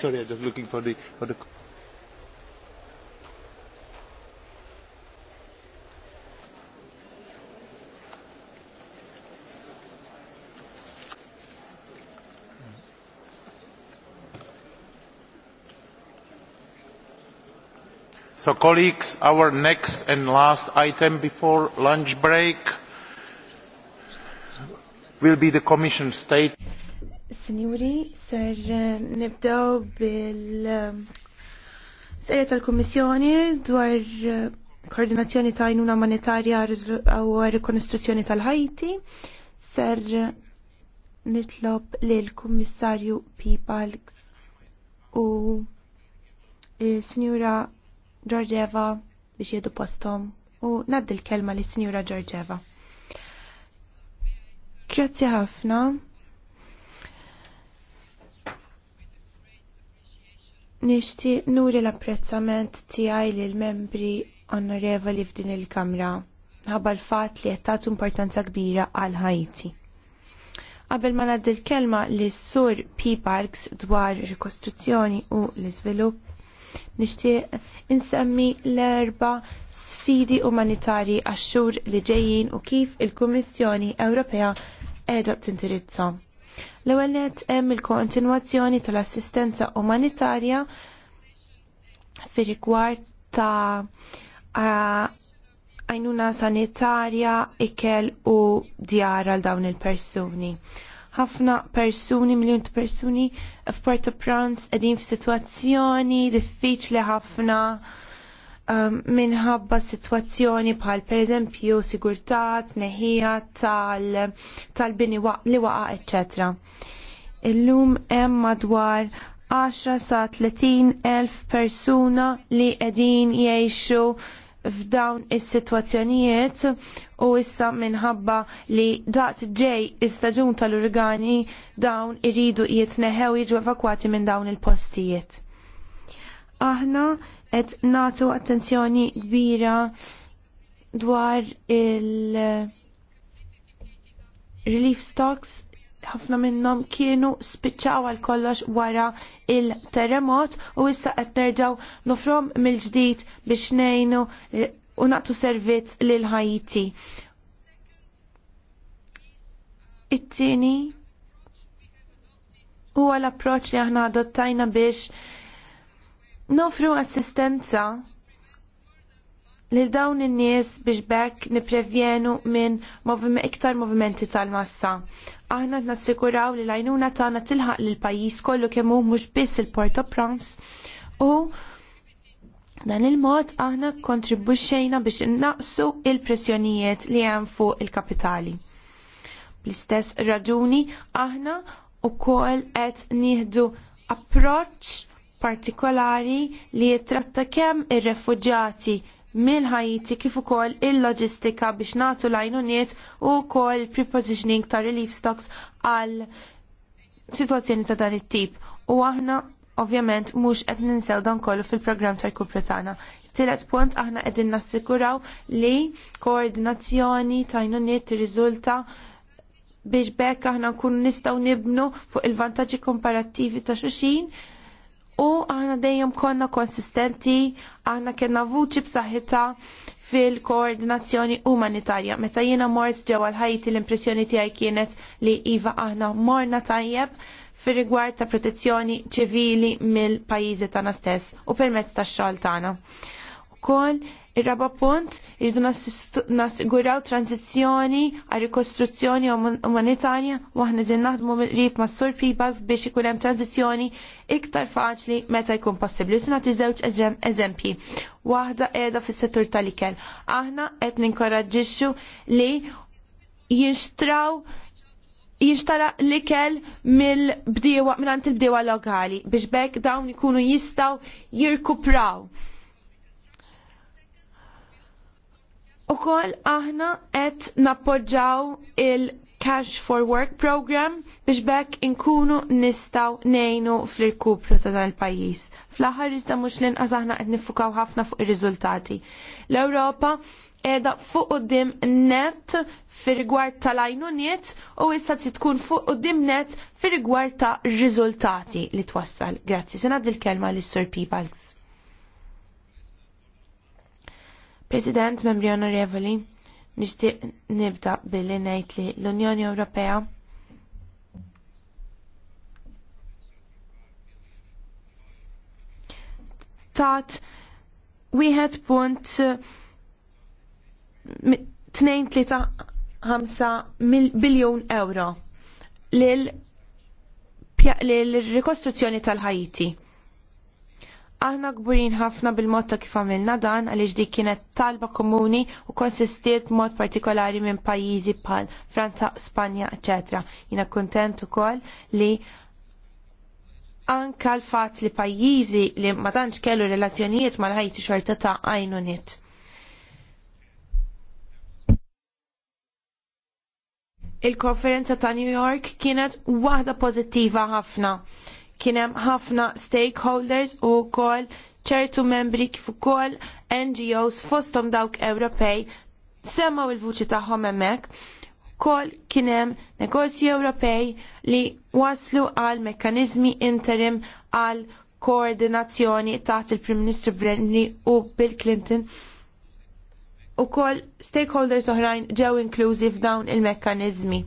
sorry, I'm just looking for the, for the So colleagues, our next and last item before lunch break will be the Commission state. Signori, ser nibdew bil um, serja tal-Kummissjoni dwar uh, koordinazzjoni ta' jnuna monetarja u rikonostruzzjoni tal-Ħajti. Ser uh, nitlob lil kummissarju Pibalks u uh, Sinjura Georgieva biex jedu postom u naddi l-kelma li Sinjura Georgieva. Grazzi ħafna. Nixtieq nuri l-apprezzament tiegħi lill membri onorevoli f'din il-Kamra ħabba l-fatt li qed tagħtu importanza kbira għal Ħajti. Qabel ma ngħaddi l-kelma li sur P Parks dwar rikostruzzjoni u l-iżvilupp nixtieq insemmi l-erba sfidi umanitarji għax-xhur li ġejjin u kif il-Kummissjoni Ewropea qiegħda tindirizza. L-ewwel hemm il-kontinwazzjoni tal-assistenza umanitarja fir-rigward ta' għajnuna sanitarja, ikel u djar għal dawn il-persuni. Ħafna persuni, miljon ta' persuni f'Port-au-Prince qegħdin f'sitwazzjoni diffiċli ħafna. Um, minħabba situazzjoni bħal per eżempju sigurtà, tneħħija tal-bini li waqa, etc. Illum hemm madwar 10 sa 30 elf persuna li qegħdin jgħixu f'dawn is-sitwazzjonijiet u issa minħabba li daqt ġej istaġun tal-urgani dawn iridu jitneħew jiġu evakwati minn dawn il-postijiet. Aħna qed nagħtu attenzjoni kbira dwar il relief stocks ħafna minnhom kienu spiċċaw għal kollox wara il-terremot u issa qed nerġgħu nofrom mill-ġdid biex ngħinu eh, u nagħtu servizz lil Ħajti. It-tieni huwa l-approċċ li aħna adottajna biex Nofru assistenza lil dawn in-nies biex bekk niprevjenu minn moviment, iktar movimenti tal-massa. Aħna nassikuraw li l-għajnuna tagħna tilħaq lil pajjiż kollu kemm hu mhux biss il-Port-au-Prince u Dan il-mod aħna kontribwixxejna biex innaqsu il-pressjonijiet li hemm fuq il-kapitali. Bl-istess raġuni aħna wkoll qed nieħdu approċċ partikolari li jitratta kemm ir-refuġjati minn ħajti kif ukoll il-loġistika biex nagħtu l-għajnuniet u wkoll prepositioning ta' relief stocks għal sitwazzjoni ta' dan it-tip. U aħna ovvjament mhux qed ninsew dan kollu fil-programm tal-Kupra tagħna. Tielet punt aħna qegħdin nassikuraw li koordinazzjoni ta' għajnuniet tirriżulta biex bekk aħna nkunu nistgħu nibnu fuq il-vantaġġi komparattivi ta' xulxin u aħna dejjem konna konsistenti, aħna kena vuċi b'saħħitha fil-koordinazzjoni umanitarja. Meta jiena mort ġewwa l-Ħajti l-impressjoni tiegħi kienet li iva aħna morna tajjeb fir rigward ta' protezzjoni ċivili mill-pajjiżi tagħna stess u permezz tax-xogħol tagħna. Ukoll Ir-raba punt, jiddu nassiguraw tranzizjoni għal rikostruzzjoni umanitarja u din naħdmu rib ma' sur pibas biex ikun hemm tranzizjoni iktar faċli meta jkun possibbli. Sina żewġ eżempji. Waħda qiegħda fis-settur tal-ikel. Aħna qed ninkoraġġixxu li jinxtraw jinxtara l-ikel mill-bdiewa, mill-ant il-bdiewa lokali biex bekk dawn ikunu jistaw jirkupraw Ukoll aħna qed nappoġġaw il-Cash for Work program biex bekk inkunu nistaw nejnu fl-irkupru ta' dan il-pajjiż. Fl-aħħar iżda mhux l-inqas aħna qed nifukaw ħafna fuq ir-riżultati. L-Ewropa edha fuq qudiem net fir-rigward tal-għajnuniet u issa tkun fuq qudiem net fir-rigward ta' riżultati li twassal. Grazzi, sena dil-kelma lis-Sur Peoples. President, membri onorevoli, nixtieq nibda billi ngħid li l-Unjoni Ewropea tat wieħed punt mm, tnejn tlieta ħamsa biljun euro lil rikostruzzjoni tal-Ħajti. Aħna gburin ħafna bil-mod ta' kif għamilna dan għaliex dik kienet talba komuni u konsistiet mod partikolari minn pajjiżi bħal Franza, Spanja, ecc. Jina kontent ukoll li anka l-fatt li pajjiżi li ma tantx kellu relazzjonijiet mal-ħajti xorta ta' għajnunit. il-konferenza ta' New York kienet waħda pożittiva ħafna kienem ħafna stakeholders u kol ċertu membri kif ukoll NGOs fostom dawk Ewropej semmaw il-vuċi tagħhom hemmhekk kol kienem negozji Ewropej li waslu għal mekkanizmi interim għal koordinazzjoni taħt il-Prim Ministru Brenni u Bill Clinton u kol stakeholders oħrajn ġew inklużi f'dawn il-mekkanizmi.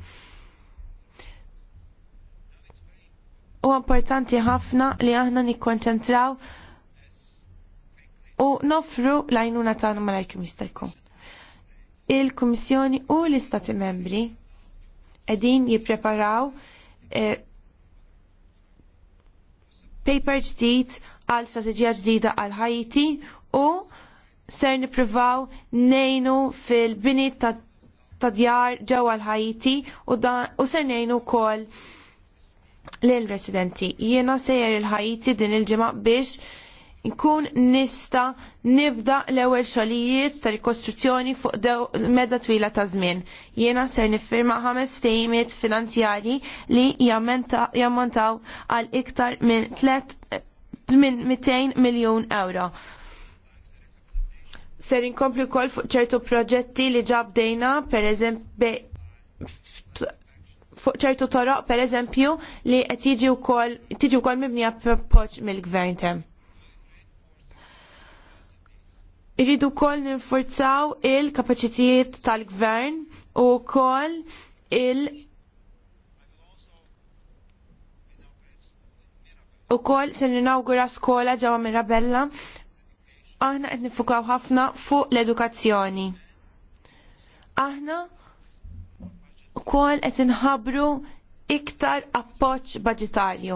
u importanti ħafna li aħna nikkonċentraw u nofru l-għajnuna tagħna malajk mistajkom. Il-Kummissjoni u l-Istati Membri qegħdin jippreparaw eh, paper ġdid għal strateġija ġdida għal Ħajti u ser nippruvaw nejnu fil-bini ta' djar ġewwa l-Ħajti u, u ser nejnu wkoll Lil residenti Jiena sejjer il-ħajti din il-ġimgħa biex nkun nista nibda l-ewwel xogħlijiet ta' rikostruzzjoni fuq medda twila ta' żmien. Jiena ser niffirma ħames ftehimiet finanzjarji li jammontaw għal iktar minn 200 miljun euro. Ser inkomplu kol fuq ċertu proġetti li ġabdejna, per eżempju fuq ċertu toroq per eżempju li tiġi wkoll mibnija appoġġ mill-gvern tem. Irridu wkoll ninfurzaw il-kapaċitijiet tal-gvern u wkoll il- u kol se ninawgura skola ġewwa Mirabella aħna qed nifukaw ħafna fuq l-edukazzjoni. Aħna ukoll qed inħabru iktar appoġġ budġetarju.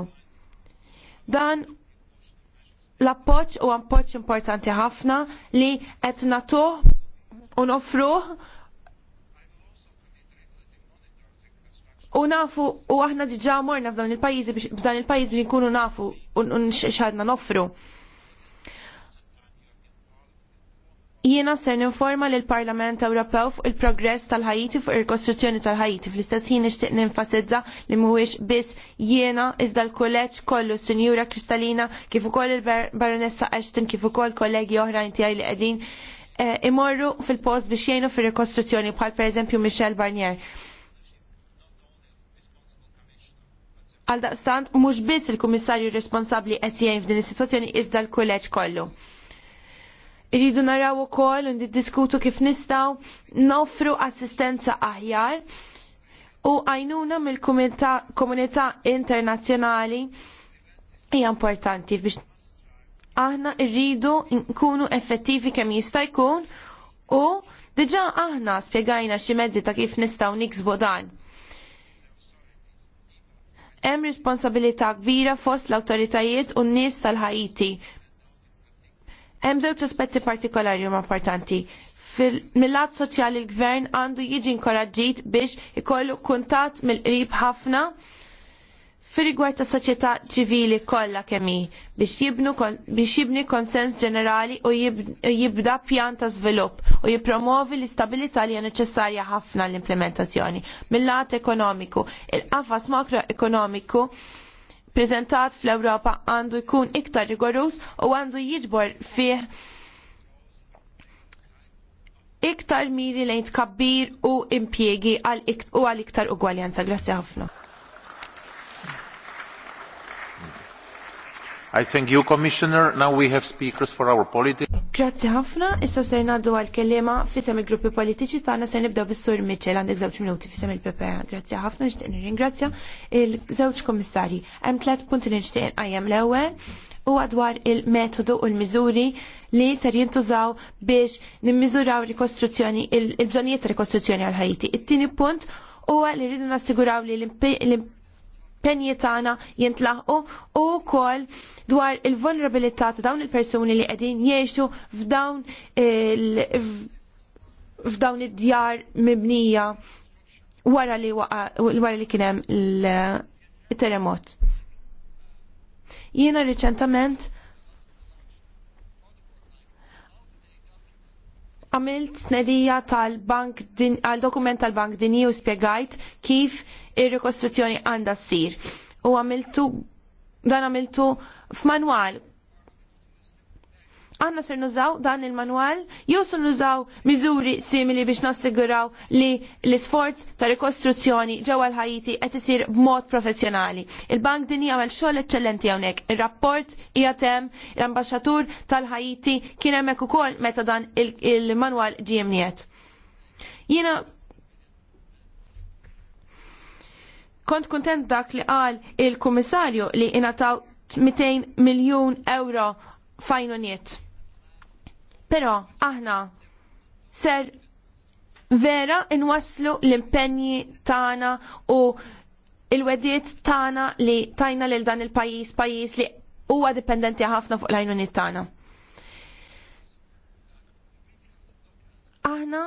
Dan l-appoġġ u appoġġ importanti ħafna li qed natuh u nofruh u nafu u aħna diġà morna f'dan il-pajjiż f'dan il-pajjiż biex nkunu nafu u x'għadna nofru. Jiena ser ninforma lil parlament Ewropew fuq il-progress tal-Ħajiti fuq il-kostruzzjoni tal-Ħajiti. Fl-istess jien nixtieq ninfasizza li mhuwiex biss jiena iżda l-kulleġġ kollu Sinjura Kristalina kif ukoll il-Baronessa Ashton kif ukoll kollegi oħrajn tiegħi li qegħdin eh, imorru fil-post biex jgħinu fil-rekostruzzjoni bħal pereżempju Michel Barnier. Għaldaqstant mhux biss il-Kummissarju responsabbli qed jgħin f'din is-sitwazzjoni iżda l-kulleġġ kollu. Irridu naraw ukoll u niddiskutu kif nistgħu nofru assistenza aħjar u għajnuna mill-komunità internazzjonali hija importanti biex aħna rridu nkunu effettivi kemm jista' jkun u diġà aħna spjegajna xi mezzi ta' kif nistgħu niksbu dan hemm responsabilità kbira fost l-awtoritajiet u n-nies tal-Ħajti Hemm żewġ aspetti partikolari huma importanti. Mill-lat soċjali l-gvern għandu jiġi inkoraġġit biex ikollu kuntat mill-qrib ħafna fir-rigward ta' soċjetà ċivili kollha kemm hi biex jibnu biex jibni konsens ġenerali u jibda pjan ta' żvilupp u jippromovi l-istabilità li hija neċessarja ħafna l-implementazzjoni. Mill-lat ekonomiku, il-qafas makroekonomiku ekonomiku prezentat fl-Ewropa għandu jkun iktar rigorus u għandu jiġbor fih iktar miri lejn tkabbir u impjegi u għal iktar ugwaljanza. Grazie ħafna. I thank you, Commissioner. Now we have speakers for our politics. Grazzi ħafna, issa ser naddu għal kellima fisem il-gruppi politiċi tagħna ser nibda bis-sur Mitchell għandek żewġ minuti fisem il-PPA. Grazzi ħafna, nixtieq nirringrazzja il-żewġ kummissarji. Hemm tliet punti li nixtieq qajjem l-ewwel u dwar il-metodu u l-miżuri li ser jintużaw biex nimmiżuraw rikostruzzjoni il-bżonijiet ta' rikostruzzjoni għal Ħajti. It-tieni punt huwa li rridu nassiguraw li l-impenn penji tagħna jintlaħqu u wkoll dwar il-vulnerabilità ta' dawn il-persuni li qegħdin jgħixu f'dawn f'dawn id-djar mibnija wara li wara li kien hemm il-terremot. Jiena riċentament għamilt snedija tal-bank għal dokument tal-bank dini u spiegajt kif ir-rikostruzzjoni għandha ssir. U għamiltu dan għamiltu f'manwal għanna ser nużaw dan il-manual, jew se nużaw miżuri simili biex nassiguraw li l-isforz ta' rikostruzzjoni ġewwa l-Ħajiti qed isir b'mod professjonali. Il-Bank Dini għamel xogħol eċċellenti hawnhekk. Ir-rapport hija l-ambaxxatur tal ħajti kien hemmhekk ukoll meta dan il-manwal ġie mniet. Jiena Kont kontent dak li qal il-Kummissarju li inataw 200 miljun euro uniet. Pero aħna ser vera inwasslu l-impenji tagħna u il-wediet tagħna li tajna lil dan il-pajjiż pajjiż li huwa dipendenti ħafna fuq l-għajnuniet tagħna. Aħna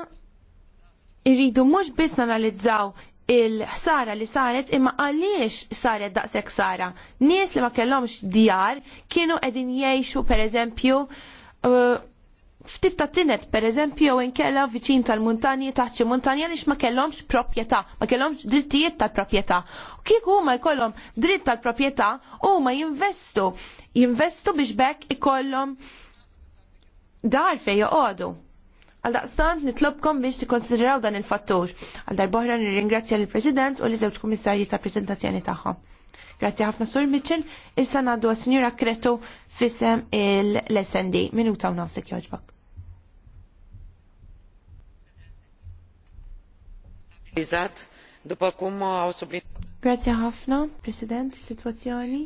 irridu mhux biss nanalizzaw il-ħsara li saret imma għaliex saret daqshekk sara. Nies li ma kellhomx djar kienu qegħdin jgħixu pereżempju uh, ftit ta' tinet pereżempju jew inkella viċin tal-muntanji taħt xi muntanja għaliex ma kellhomx proprjetà, ma kellhomx drittijiet tal-proprjetà. U kieku huma jkollhom dritt tal-proprjetà huma jinvestu, jinvestu biex bekk ikollhom dar fejn joqogħdu. Għal daqstan nitlobkom biex tikkonsidraw dan il-fattur. Għal darbohra nirringrazzja l-President u li żewġ kummissarji ta' prezentazzjoni tagħha. Grazzi ħafna Sur Mitchell, issa ngħaddu għas-Sinjura Kretu fissem il-SND. Minuta u nafsek joġbak. Iżat, kum għaw ħafna, President, situazzjoni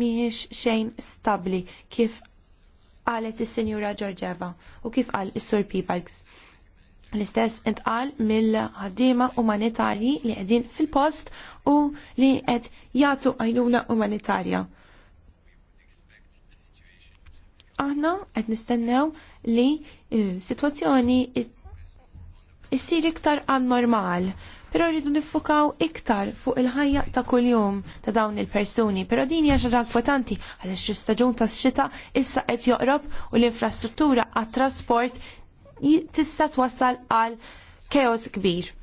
miħiex xejn stabli kif qalet is-Sinjura Georgieva u kif qal is-Sur Pibalks. L-istess intqal mill-ħaddiema umanitarji li qegħdin fil-post u li qed jagħtu għajnuna umanitarja. Aħna qed nistennew li eh, sitwazzjoni issir iktar annormal. normal però rridu niffukaw iktar fuq il-ħajja ta' kuljum ta' dawn il-persuni, però din hija xi ħaġa importanti għaliex l-istaġun tax xita issa qed joqrob u l-infrastruttura għat-trasport tista' twassal għal keos kbir.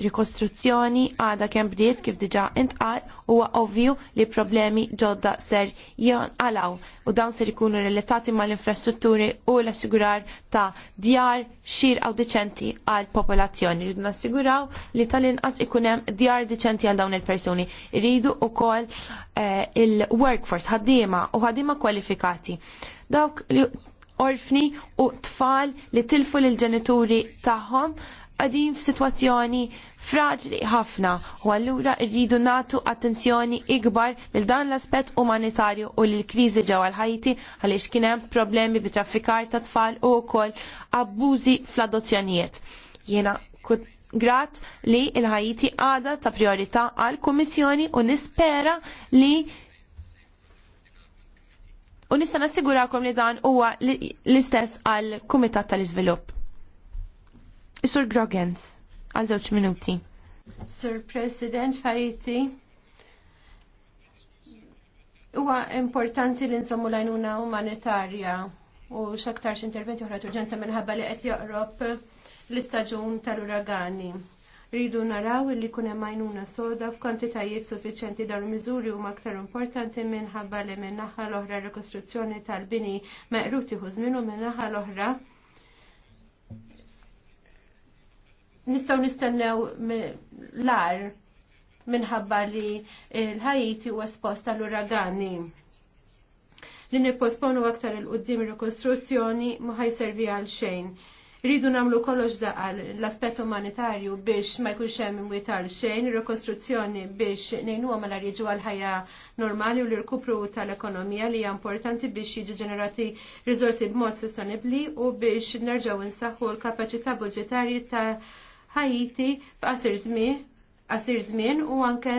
Rikostruzzjoni għada kemm bdiet kif diġà intqal huwa ovvju li problemi ġodda ser jonqalaw u dawn ser ikunu relatati mal-infrastrutturi u l-assigurar ta' djar xir għaw deċenti għal popolazzjoni. Rridu nassiguraw li tal-inqas ikun hemm djar deċenti għal dawn il-persuni. Rridu kol eh, il-workforce ħaddiema u ħaddiema kwalifikati. Dawk li orfni u tfal li tilfu l-ġenituri tagħhom għadin f'sitwazzjoni fraġli ħafna u allura rridu natu attenzjoni ikbar lil dan l-aspett umanitarju u lil kriżi ġewwa l-Ħajti għaliex kien hemm problemi bi traffikar ta' tfal u wkoll abbużi fl-adozzjonijiet. Jiena grat li l-Ħajti għada ta' priorità għal kummissjoni u nispera li u nista' nassigurakom li dan huwa l-istess għal Kumitat tal-Iżvilupp. Isur Grogens, għal żewġ minuti. Sir President Fajti, huwa importanti li nżommu lajnuna umanitarja u xaktarx interventi oħra turġenza minħabba li qed joqrob l-istaġun tal-uragani. Rridu naraw li kun hemm għajnuna soda f'kantitajiet suffiċenti dawn miżuri huma aktar importanti minħabba li minn naħa l-oħra rekostruzzjoni tal-bini meqruti iħu u minn naħa l-oħra nistaw nistennew l-ar minħabba li l-ħajiti u esposta l-uragani. Li nipposponu aktar il-qoddim il-rekostruzzjoni muħaj servi għal xejn. Ridu namlu kollox daqal l-aspet umanitarju biex ma jkunx hemm imwiet għal xejn, rekostruzzjoni biex nejnu għamela jiġu għal ħajja normali u l-irkupru tal-ekonomija li hija importanti biex jiġu ġenerati riżorsi b'mod sostenibbli u biex nerġgħu insaħħu l-kapaċità budġetarji ta' ħajiti f'qasir żmien qasir żmien u anke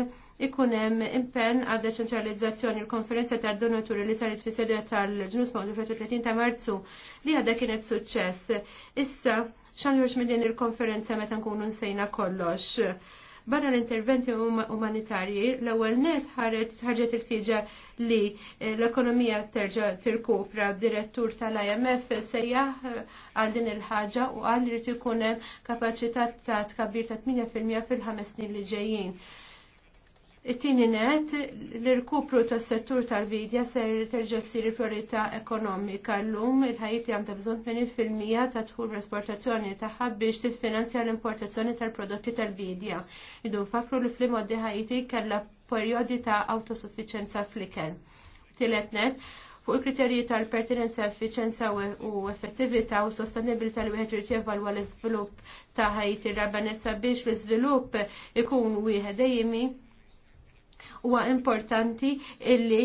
ikun hemm impenn għal deċentralizzazzjoni l-konferenza tad donaturi li saret fis sedja tal-ġnus mawdu 30 ta' Marzu li għadha kienet suċċess. Issa minn din il-konferenza meta nkunu nsejna kollox Barra l-interventi um-, umanitarji, l-ewwel net ħarġet il ħtieġa li eh, l-ekonomija terġa' tirkupra direttur tal-IMF sejjaħ eh, għal din il-ħaġa u għal li ikun hemm kapaċità ta' tkabbir ta' 8% fil-ħames snin li ġejjin. It-tieni net l-irkupru tas-settur tal-bidja ser terġa' ssir priorità ekonomika llum il-Ħajti għandha bżonn il-filmija ta' tħur l-esportazzjoni tagħha biex tiffinanzja l-importazzjoni tal-prodotti tal-bidja. Idu nfakru li fl-imoddi Ħajti kalla perjodi ta' autosufficienza fl-ikel. Tilet net, fuq il-kriterji tal-pertinenza, effiċenza u effettività u sostenibilità li wieħed irid jevalwa l-iżvilupp ta' ħajti rabanezza biex l-iżvilupp ikun wieħed dejjimi huwa importanti illi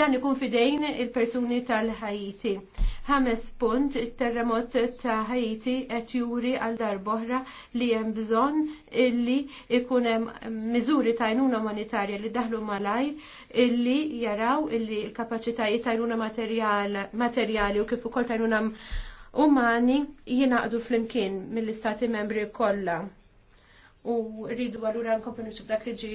dan ikun fidejn il-persuni tal-Ħajiti. Ħames punt, il-terremot ta' Ħajiti qed juri għal darboħra li hemm bżonn illi ikun hemm miżuri ta' għajnuna umanitarja li daħlu malaj illi jaraw illi l-kapaċitajiet ta' għajnuna materjali u kif ukoll ta' għajnuna umani jingħaqdu flimkien mill-istati membri kollha u rridu għallura nkomplu nixtub dak li ġi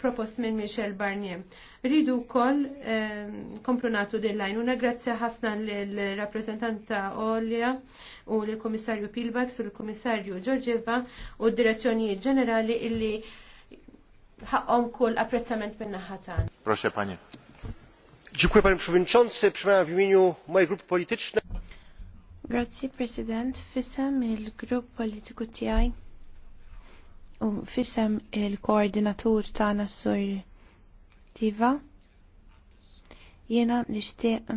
propost minn Michel Barnier. Rridu kol ehm, komplu natu dil-lajn. Una grazzja ħafna l-rappresentanta Olja u l-Komissarju Pilbax u l-Komissarju Giorgieva u d-direzzjoni ġenerali illi ħaqqom kull apprezzament minn ħatan. Proszę panie. Dziękuję panie przewodniczący. Przemawiam w imieniu mojej grupy politycznej. Grazzi President, Fisem il grupp politiku tiegħi u fissem il-koordinatur tagħna s-sur Tiva jiena nixtieq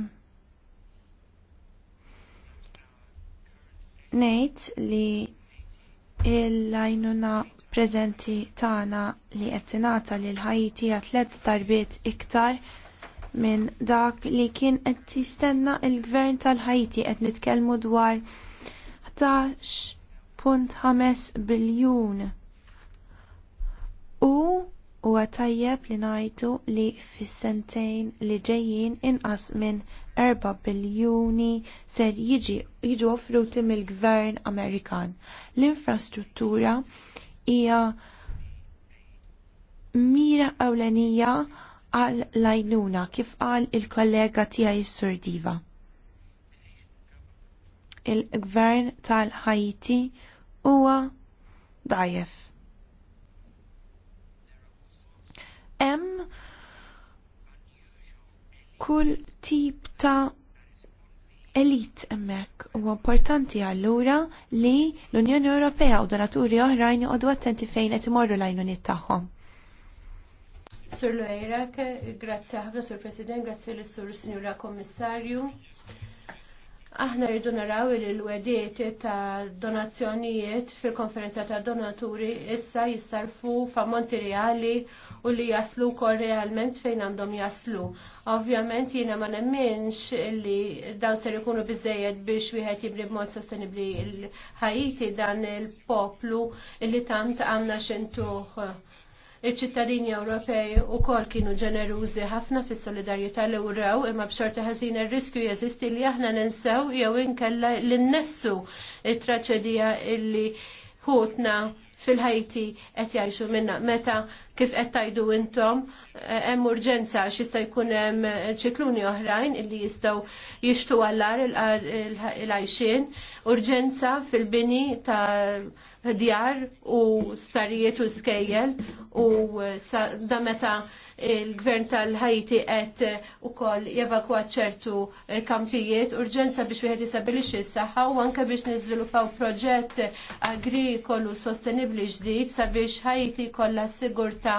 ngħid li l lajnuna preżenti tagħna li qed li l Ħajti tliet darbiet iktar minn dak li kien qed jistenna l gvern tal-Ħajti qed nitkellmu dwar 11.5 biljun U huwa tajjeb li ngħidu li fis-sentejn li ġejjin inqas minn 4 biljuni ser jiġi jiġu offruti mill-Gvern Amerikan. L-infrastruttura hija mira ewlenija għal lajnuna kif qal il-kollega tiegħi s-Sur Diva. Il-Gvern tal-Ħajti huwa dajjef hemm kull tip ta' elit emmek u importanti allura li l-Unjoni Ewropea u donaturi oħrajn joqogħdu attenti fejn qed imorru l-għajnuniet tagħhom. Sur Loerak, grazzi ħafna Sur President, grazzi l-Sur Sinjura Kommissarju. Aħna rridu naraw li l-wediet ta' donazzjonijiet fil-konferenza ta' donaturi issa jissarfu f'ammonti reali u li jaslu kol realment fejn għandhom jaslu. Ovvjament jiena ma nemminx li dawn ser ikunu biżejjed biex wieħed jibni b'mod sostenibbli l-ħajti dan il-poplu li tant għandna xintuħ Iċ-ċittadini Ewropej ukoll kienu ġenerużi ħafna fis-solidarjetà li wrew imma b'xorta ħażin ir-riskju jeżisti li aħna ninsew jew inkella li nnessu t traċedija illi ħutna fil-ħajti qed jgħixu minna. Meta kif qed tajdu intom e, hemm urġenza jista' jkun hemm ċikluni oħrajn illi jistgħu jixtu għallar il-għajxin, urġenza fil-bini ta' djar u starijiet u skejjel u da meta il-gvern tal-ħajti qed ukoll jevakwat ċertu kampijiet urġenza biex wieħed jistabilixxi s-saħħa u anke biex niżviluppaw proġett agrikolu sostenibbli ġdid sabiex ħajti kollha sigurtà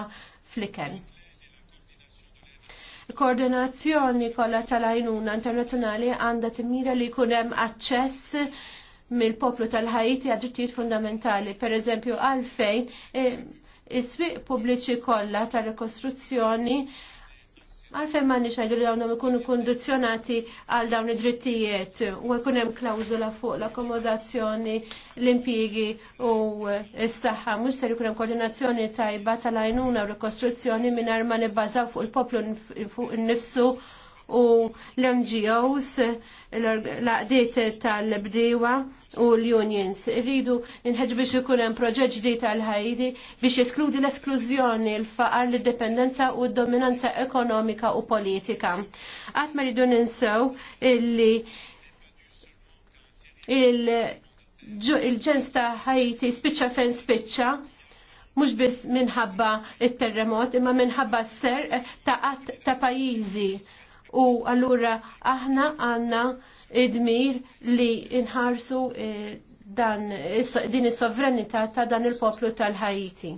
fl-iken. Koordinazzjoni kollha tal-għajnuna internazzjonali għandha timira li jkun hemm aċċess mill-poplu tal-ħajti għadġittijiet fundamentali, per eżempju għalfejn e, is-swieq pubbliċi kollha ta' rekostruzzjoni għalfejn ma nixħajdu li dawnhom ikunu kondizjonati għal dawn id-drittijiet u jkun hemm klawżola fuq l-akkomodazzjoni, l-impjiegi u s-saħħa mhux ser jkun hemm koordinazzjoni tajba tal-għajnuna u rikostruzzjoni mingħajr ma nibbażaw fuq il-poplu fuq innifsu u l-NGOs, l-għadiet tal bdiwa u l-unions. Rridu nħedġ biex ikun hemm proġett ġdid tal-Ħajdi biex jeskludi l-esklużjoni, l-faqar, l dependenza u d-dominanza ekonomika u politika. Qatt ma rridu ninsew illi il-ġens ta' Ħajti spiċċa fejn spiċċa mux biss minħabba il-terremot, imma minħabba s-ser ta' ta' pajizi u allura aħna għanna id-dmir li nħarsu eh, dan din is-sovranità ta' dan il-poplu tal-Ħajti.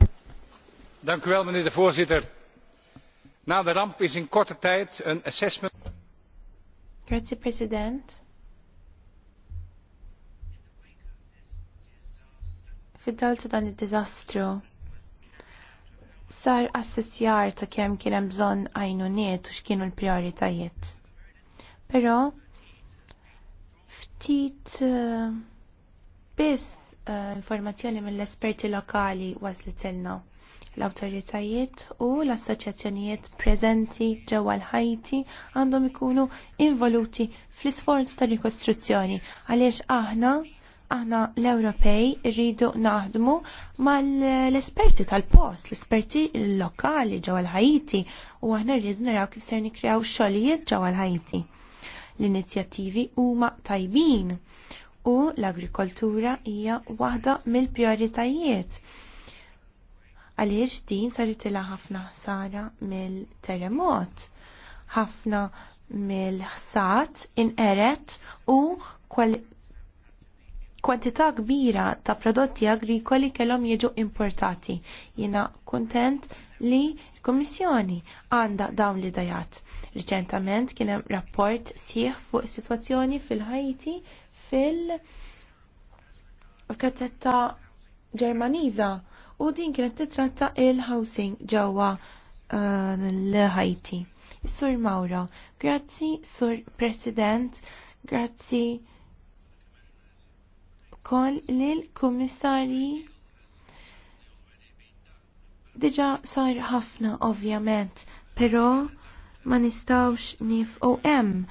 Dank u wel, meneer de voorzitter. Na de ramp is in korte tijd een assessment. Grazie, president. Fid-dal ta' dan id-diżastru sar assessjar ta' kemm kien hemm bżonn għajnuniet u x'kienu l-prijoritajiet. Però ftit eh, biss eh, informazzjoni mill-esperti lokali waslitilna l-awtoritajiet u l-assoċjazzjonijiet preżenti ġewwa l-Ħajti għandhom ikunu involuti fl-isforz ta' rikostruzzjoni għaliex aħna aħna l-Ewropej rridu naħdmu mal-esperti tal-post, l-esperti lokali ġewwa l-Ħajti u aħna rridu naraw kif ser nikkrew xogħlijiet ġewwa l-Ħajti. L-inizjattivi huma tajbin u l-agrikoltura hija waħda mill-prioritajiet għaliex din saret ħafna ħsara mill-terremot. Ħafna mill-ħsat inqeret u kwantità kbira ta' prodotti agrikoli kellhom jiġu importati. Jiena kuntent li l-Kummissjoni għandha dawn l-idejat. Riċentament kien hemm rapport sieħ fuq is-sitwazzjoni fil-Ħajti fil-kazzetta Ġermaniża u din kienet titratta il-housing ġewwa eh, l-Ħajti. Sur Mauro, grazzi Sur President, grazzi ukoll lil kummissarji diġa sar ħafna ovvjament, però ma nistawx nifqgħu hemm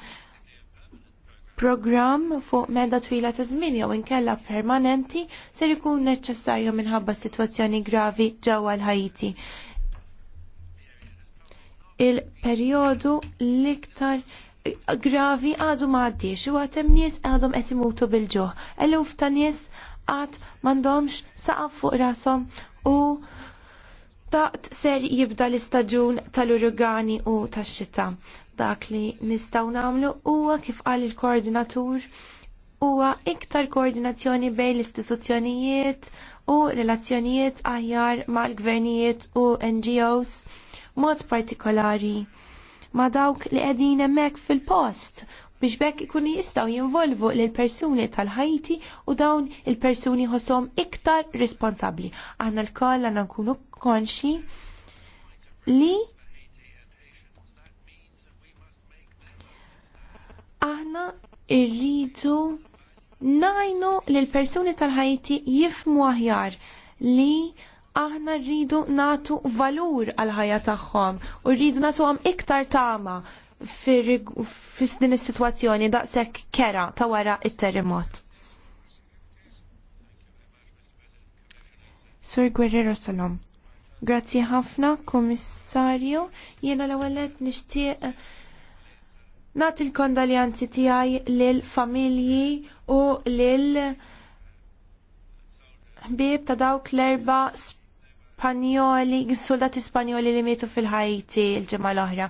program fuq medda twila ta' żmien jew inkella permanenti ser ikun neċessarju minħabba sitwazzjoni gravi ġewwa l-Ħajti. Il-perjodu l-iktar gravi għadu maħdiex u għatem nies għadhom qed imutu bil-ġuħ. Eluf ta' nies għad mandomx saqaf fuq rasom u taqt ser jibda l-istaġun tal-urugani u tax-xita. Dak li nistaw namlu huwa kif qal il-koordinatur huwa iktar koordinazzjoni bejn l-istituzzjonijiet u relazzjonijiet aħjar mal-gvernijiet u NGOs mod partikolari ma' dawk li qegħdin hemmhekk fil-post biex bekk ikun jistgħu jinvolvu lil persuni tal-ħajti u dawn il-persuni ħossom iktar responsabbli. Aħna l-koll għandna nkunu konxi li aħna irridu najnu lil persuni tal-ħajti jifmu aħjar li aħna rridu natu valur għal ħajja tagħhom u rridu għam iktar tama fis din is-sitwazzjoni daqshekk kera ta' wara it-terremot. Sur Guerrero Salom. Grazzi ħafna, Komissarju. Jiena l ewwel nixtieq eh, nagħti l-kondaljanzi tiegħi lil familji u lil ħbieb ta' dawk l-erba' Spanjoli, soldati Spanjoli li mietu fil-ħajti l-ġimgħa l-oħra.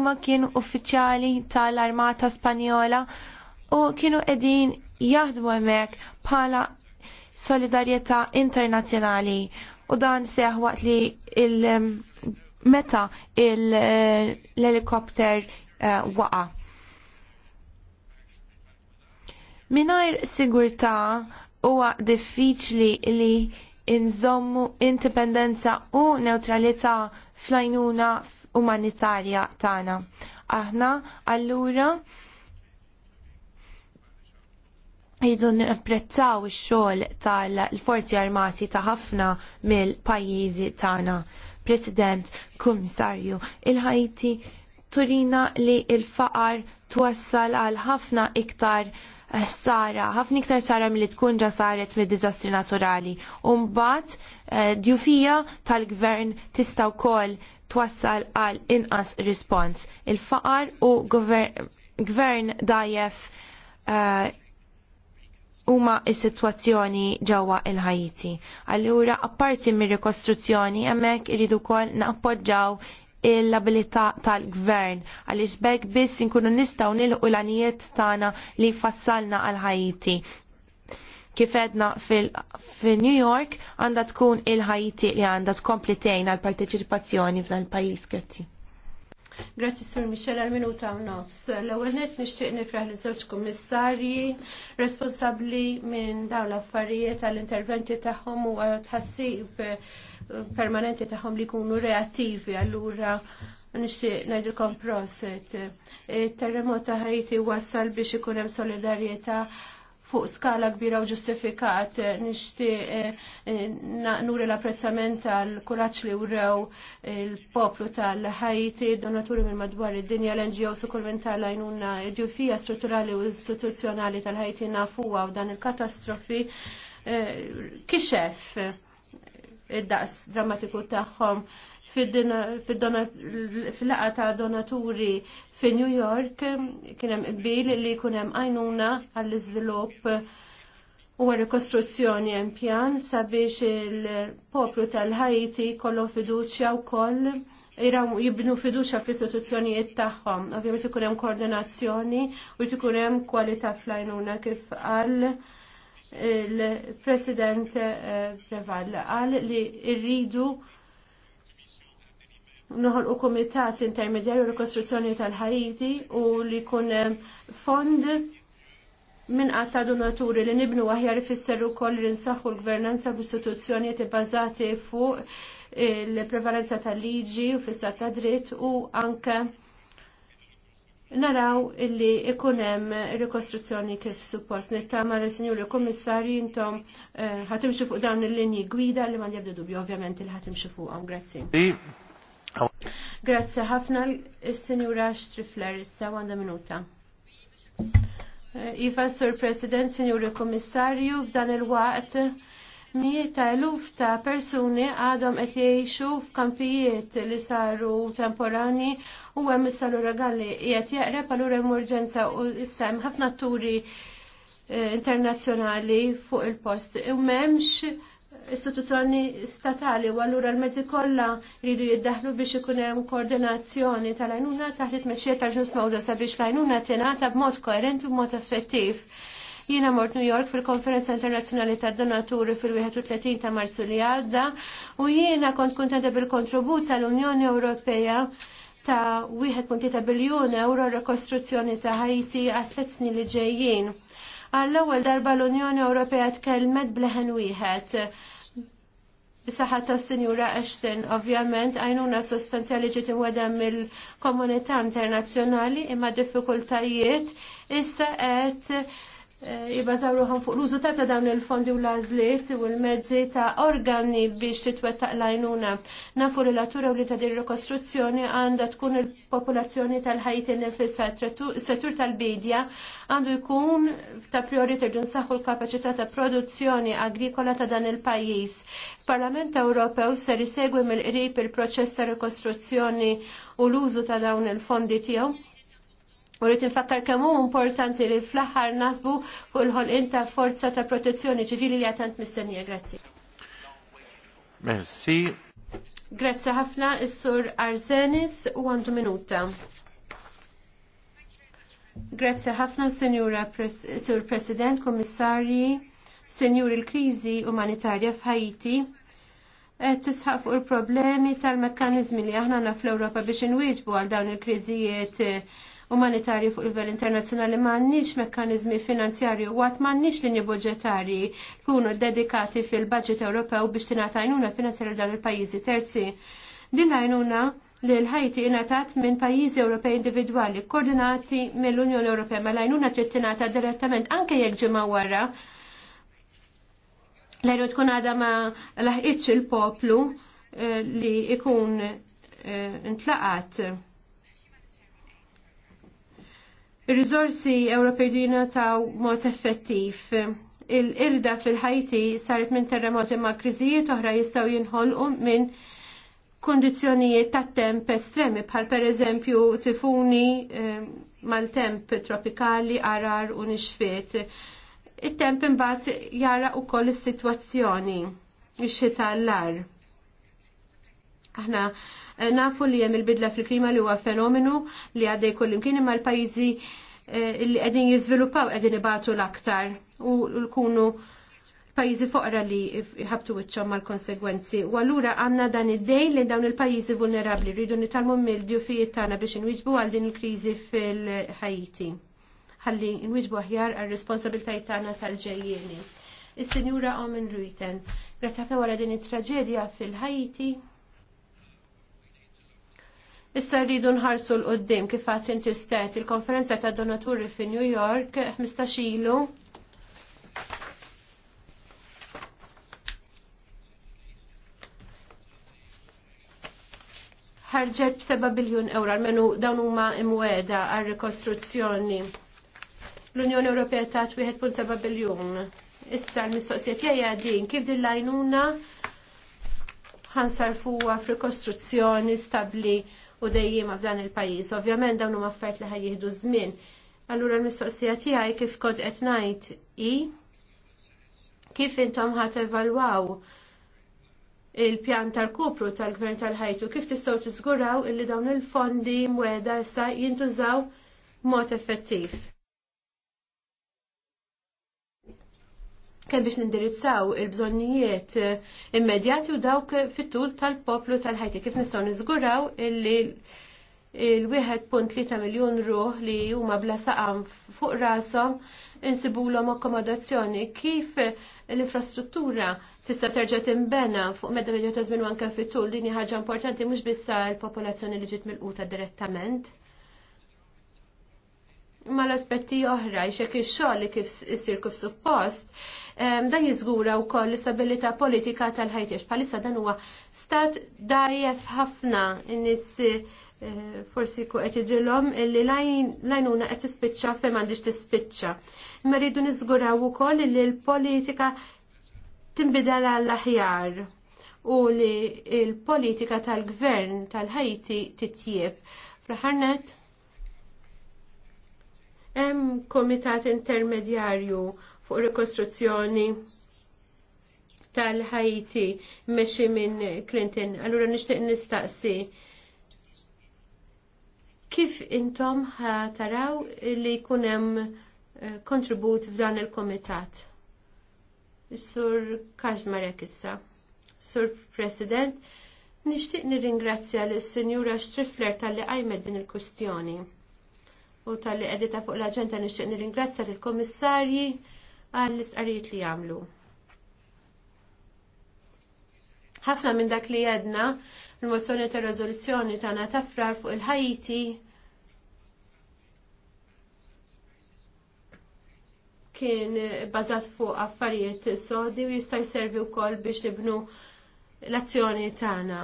ma kienu uffiċjali tal-Armata Spanjola u kienu qegħdin jaħdmu emmek bħala solidarjetà internazzjonali u dan seħ waqt li il- um, meta l-helikopter uh, uh, waqa. Minajr sigurtà huwa diffiċli li inżommu indipendenza u neutralità fl-għajnuna umanitarja tagħna. Aħna allura jidu napprezzaw ix-xogħol tal-forzi armati ta' ħafna mill-pajjiżi tagħna. President, Kummissarju, il-Ħajti turina li il-faqar twassal għal ħafna iktar Eh, sara, ħafna iktar sara milli tkun ġa saret mid diżastri naturali. U mbagħad eh, djufija tal-gvern tista' wkoll twassal għal inqas response. Il-faqar u gvern dajef eh, huma s-sitwazzjoni ġewwa il-Ħajti. Allura apparti mir-rikostruzzjoni hemmhekk irid wkoll nappoġġaw l-abilità tal-gvern għaliex bekk biss inkunu nistgħu nilħu l-anijiet tagħna li fassalna għal Ħajti. Kif edna fil-New York għandha tkun il-Ħajti li għandha tkompli tgħin għall parteċipazzjoni f'dan il-pajjiż Grazzi. Grazzi Sur Michel għal minuta għal nofs. L-ewwel net nixtieq nifraħ li żewġ kummissarji responsabbli minn dawn l-affarijiet għall interventi tagħhom u tħassib permanenti tagħhom li jkunu reattivi allura nixtieq ngħidilkom proset. terremot ta' Ħajti wassal biex ikun hemm solidarjetà fuq skala kbira u ġustifikat nixtieq nuri l-apprezzament tal kuraġġ li wrew il-poplu tal-Ħajti, donaturi minn madwar id-dinja l-NGO su kull minn tal-għajnuna id strutturali u istituzzjonali tal-Ħajti nafuwa u dan il-katastrofi eh, kixef id-daqs drammatiku tagħhom fil-laqa ta' donaturi fi New York kien hemm qbil li jkun hemm għajnuna għall-iżvilupp u rikostruzzjoni hemm pjan sabiex il-poplu tal-Ħajti kollu fiduċja wkoll jibnu fiduċja fl-istituzzjonijiet tagħhom. Ovvjament ikun hemm koordinazzjoni u jkun hemm kwalità għajnuna kif qal il-President eh, Preval qal li rridu noħol u komitat intermedjarju rekostruzzjoni tal-Ħajti u li kun eh, fond minn ta' donaturi li nibnu aħjar ifisser koll li nsaħħu l-gvernanza b'istituzzjoni bbażati fuq il-prevalenza tal-liġi u fl-istat ta' dritt u anke naraw illi ikunem rikostruzzjoni kif suppost nittama li il kommissari jintom eh, ħatimxu fuq dawn il-linji gwida li ma jabdu dubju ovvjament il ħatimxu fuqhom. Grazzi. Grazzi ħafna il-sinjura Strifler issa għanda minuta. Eh, iva, Sur President, il Kommissarju, f'dan il-waqt Nijiet ta' eluf ta' persuni għadhom qed jgħixu f'kampijiet li saru temporani u hemm issa lura galli qiegħed jaqreb allura hemm urġenza u issa hemm ħafna atturi eh, internazzjonali fuq il-post. U m'hemmx istituzzjoni statali u allura l-mezzi kollha jridu jiddaħlu biex ikun hemm koordinazzjoni tal-għajnuna taħt it-tmexxija tal-ġus mawda sabiex l-għajnuna tingħata b'mod koerenti u b'mod effettiv. Jiena mort New York fil-Konferenza Internazzjonali tad Donaturi fil-31 ta' Marzu li għadda u jiena kont kontenta bil-kontribut tal-Unjoni Ewropea ta' 1.3 biljun euro rekostruzzjoni ta' Haiti għat tliet snin li ġejjin. Għall-ewwel darba l-Unjoni Ewropea tkellmet bleħen wieħed Saħħa tas Sinjura Ashton, ovvjament, għajnuna sostanzjali ġiet imweda mill-komunità internazzjonali imma diffikultajiet issa qed jibbażaw għan fuq l-użu ta' dawn il-fondi u l-għazliet u l-mezzi ta' organi biex titwettaq lajnuna. Nafu li l-attura u li ta' dir rikostruzzjoni għanda tkun il-popolazzjoni tal-ħajti nifissa settur tal-bidja għandu jkun ta' priorita ġun saħu l-kapacità ta' produzzjoni agrikola ta' dan il-pajis. Parlament Ewropew ser isegwi mill-qrib il-proċess ta' rikostruzzjoni u l-użu ta' dawn il-fondi tiegħu U rrit infakkar kemm hu importanti li fl-aħħar nasbu fuq il-ħolqien ta' forza ta' protezzjoni ċivili li għatant mistennija. Grazzi. Merci. Grazzi ħafna is-sur Arzenis u għandu minuta. Grazzi ħafna, Senjura Pres Sur President, Komissarji, Senjur il-Krizi Umanitarja f'Haiti tisħaf u l problemi tal-mekkanizmi li aħna fl europa biex inwieġbu għal dawn il-kriżijiet umanitarji fuq livell internazzjonali m'għandniex mekkaniżmi finanzjarji u għad m'għandniex linji budġetarji jkunu dedikati fil-budget Ewropew biex tingħata għajnuna finanzjarja dan il-pajjiżi terzi. Din għajnuna li l-ħajti ingħatat minn pajjiżi Ewropej individwali koordinati mill-Unjoni Ewropea ma l-għajnuna trittinata direttament anke jekk ġimgħa wara Lejru tkun għada ma laħqitx il-poplu eh, li ikun eh, intlaqat Ir-riżorsi Ewropej dina ta' mod effettiv. Il-irda fil-ħajti saret minn terremoti ma' kriżijiet oħra jistgħu jinħolqu minn kondizjonijiet ta' temp estremi bħal per eżempju tifuni ehm, mal-temp tropikali, arar u nixfiet. it temp imbagħad jara wkoll is-sitwazzjoni ix-xita l-ar. Aħna eh, nafu li hemm il-bidla fil-klima li huwa fenomenu li għaddej kullimkien imma l-pajjiżi eh, li qegħdin jiżviluppaw qegħdin ibatu l-aktar u l-kunu pajjiżi foqra li jħabtu wiċċhom mal-konsegwenzi. U allura għandna dan id-dej li dawn il-pajjiżi vulnerabbli rridu nitalmu mill-djufijiet tagħna biex inwiġbu għal din il-kriżi fil-Ħajti. Ħalli nwiġbu aħjar għal responsabiltajiet tagħna tal-ġejjieni. Is-Sinjura Omen Ruiten, grazzi wara din it-traġedja fil-Ħajti. Issa rridu nħarsu l-qoddim kif għat inti stet il-konferenza ta' donaturi fi New York 15 ilu. ħarġet b'7 biljun euro, għal-menu dawn huma imweda għal rikostruzzjoni. L-Unjoni Ewropea ta' 1.7 biljun. Issa l-mistoqsijiet jgħja din kif din lajnuna ħansarfuha f'rikostruzzjoni stabbli u dejjima f'dan il-pajjiż. Ovvjament dawn huma affarijiet li ħajjieħdu żmien. Allura l-mistoqsija tiegħi kif kont qed ngħid i kif intom ħat evalwaw il-pjan tal-kupru tal-gvern tal-ħajtu kif tistgħu tiżguraw illi dawn il-fondi mweda issa jintużaw mod effettiv. kemm biex nindirizzaw il-bżonnijiet eh, immedjati u dawk fit-tul tal-poplu tal-ħajti. Kif nistgħu niżguraw illi il-1.3 miljon ruħ li huma bla saqam fuq rashom insibulhom akkomodazzjoni kif l-infrastruttura tista' terġa' tinbena fuq medda medja ta' żmien anke fit-tul din hija ħaġa importanti mhux bissa l-popolazzjoni li ġiet milquta direttament. Ma l-aspetti oħra, jxek ix-xogħol li kif s-sirku kif suppost, dan jiżgura wkoll l istabilita politika tal-ħajtiex. Palissa dan huwa stat dajjef ħafna nis eh, forsi ku qed idrilom illi lajnuna qed tispiċċa fejn m'għandix tispiċċa. Imma rridu niżguraw ukoll li l-politika timbidala għall-aħjar u li l-politika tal-gvern tal-Ħajti titjieb. Fraħarnet, hemm komitat intermedjarju fuq rikostruzzjoni tal-ħajti meċi minn Clinton. Allura nishtiq nistaqsi kif intom taraw li kunem eh, kontribut f'dan il-komitat? Sur Kazmarek issa. Sur President, nishtiq nirringrazzja l sinjura Strifler tal-li għajmed din il-kustjoni. U tal-li edita fuq l-agenda nishtiq nirringrazzja l-komissarji, għall istqarijiet li jagħmlu. Ħafna minn dak li jedna l mozzjoni ta' rezoluzzjoni tagħna tafrar fuq il-Ħajti kien bażat fuq affarijiet sodi u jista' jservi wkoll biex nibnu l-azzjoni tagħna.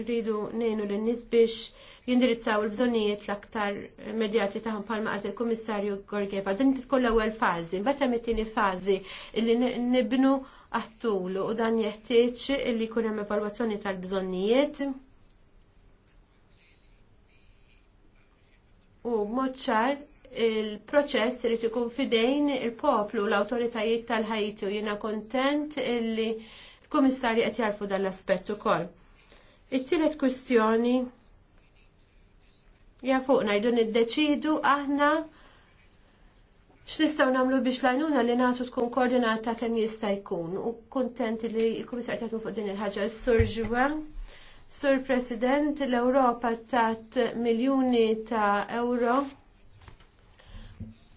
Rridu ngħinu lin-nies biex jindirizzaw il-bżonijiet l-aktar immedjati tagħhom palma qalt il-Kummissarju Gorgeva. Din tkun l-ewwel fażi, mbagħad hemm it-tieni fażi li nibnu għattulu u dan jeħtieġ li jkun hemm evalwazzjoni tal-bżonnijiet. U moċċar il-proċess irid ikun fidejn il-poplu l-awtoritajiet tal-Ħajti u jiena kontent li l-Kummissarji qed jarfu dan l aspett ukoll. It-tielet kwistjoni fuq najdu niddeċidu aħna x'nistgħu nagħmlu biex lajnuna li nagħtu tkun koordinata kemm jista' jkun. U kuntent li l-Kummissar tagħtu fuq din il-ħaġa s-Sur Ġwan. Sur President, l-Ewropa tat miljuni ta' euro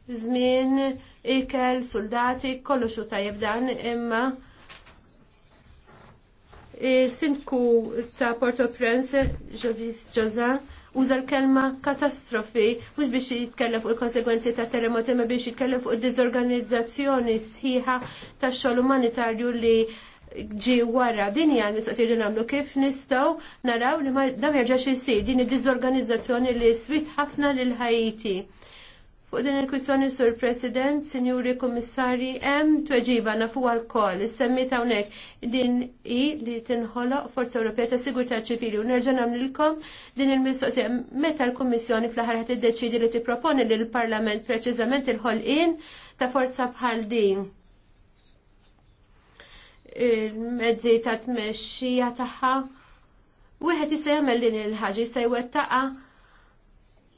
żmien, ikel, soldati, kollu xu tajjeb dan imma sintku ta' Port-au-Prince, Jovis Jozan, uża l-kelma katastrofi mhux biex jitkellem fuq il-konsekwenzi ta' terremoti ma biex jitkellem fuq id-diżorganizzazzjoni sħiħa tax-xogħol umanitarju li ġi wara din hija l mistoqsija li nagħmlu kif nistgħu naraw li ma dam jerġax isir din id-diżorganizzazzjoni li swit ħafna lil Ħajti. Fuq din il-kwissjoni sur President, Sinjuri Kommissari, hemm tweġiba nafu għal-koll, is-semmiet hawnhekk din i li tinħoloq Forza Ewropea ta' Sigurtà Ċivili u nerġa' nagħmlilkom din il-mistoqsija meta l-Kummissjoni fl-aħħar id-deċidi li tipproponi l parlament preċiżament il-ħolqien ta' forza bħal din il-mezzi ta' tmexxija tagħha. Wieħed jista' jagħmel din il-ħaġa jista' jwettaqa'